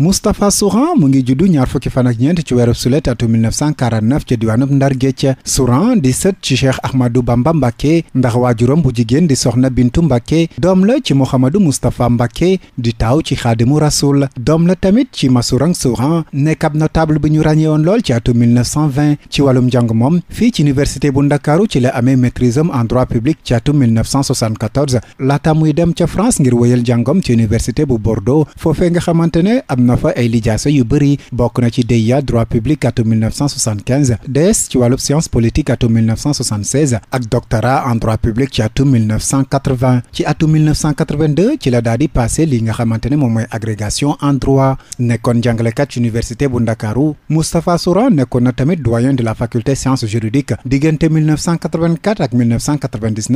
Moustapha Souran mu ngi juddu ñaar fukki fan ak ñeent ci weeru sulet atu 1949 ca diwaanub Ndar Géej Souran di sët ci Cheikh Ahmadou Bamba Mbacke ndax waajuram bu jigéen di soxna Bintu Mbacke doom la ci Mouhamadou Moustapha Mbacke di taaw ci Xaadimu Rasul doom la tamit ci masuran Souran nekk ab notable bi ñu ràññeewoon lool ci atu 1920 ci wàllum njàng moom fii ci université bu Ndakaaru ci la amee maîtrise am en droit public ci atu 1974 laata muy dem ca France ngir wéyal njàngom ci université bu Bordeaux na fa ay lijaasa yu bëri bokk na ci DEA droit public atum 1975 ci wàllub science politique atum ak doctorat en droit public ci atum ci atum ci la daal di li nga xamante ne moom agrégation en droit nekkoon jàngalekat ci université bu Ndakaaru Moustapha Soura nekkoon na tamit doyen de la faculté sciences juridiques diggante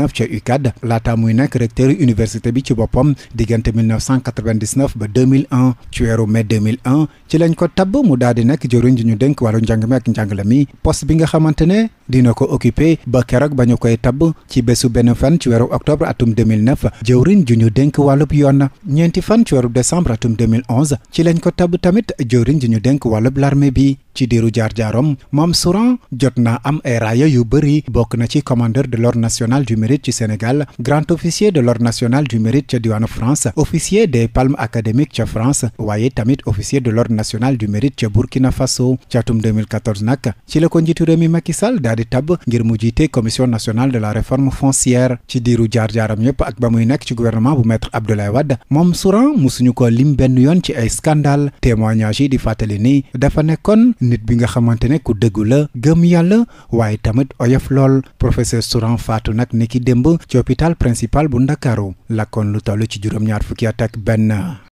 ak ca UCAD laata muy nekk recteur université bi ci boppam diggante ba mai 2001 ci lañ ko tabb mu daal di nekk jëriñ ju ñu dénk wàllu njàng mi ak njàngale mi poste bi nga xamante ne dina ko occupé ba keroog ba ñu koy tab ci bésu benn fan ci weeru octobre atum 2009 jëwriñ ju ñu dénk wàllub yoon ñeenti fan ci weeru décembre atum 2011 ci lañ ko tabb tamit jëwriñ ju ñu dénk wàllub l'armée bi ci diiru jaar-jaarom moom Souran jot na am ay raaya yu bëri bokk na ci commandeur de l'ordre national du mérite ci Sénégal grand officier de l'ordre national du mérite ca diwaanu France officier des palmes académiques ca France waaye tamit officier de l'ordre national du mérite ca Burkina Faso ca atum 2014 nag ci la ko njiitu réew mi Macky Sall ngir mu jiite commission nationale de la réforme foncière ci diiru jaar-jaaram yëpp ak ba muy nekk ci gouvernement bu maître Abdoulaye Wade moom Souran ko lim benn yoon ci ay scandale témoignage yi di fàttali ni dafa nekkoon nit bi nga xamante ne ku dëggu la gëm yàlla waaye tamit oyof lool professeur Souran Fatou nag ni ki demb ci hôpital principal bu Ndakaaru lakkoon lu toll ci juróom-ñaar fukki at ak benn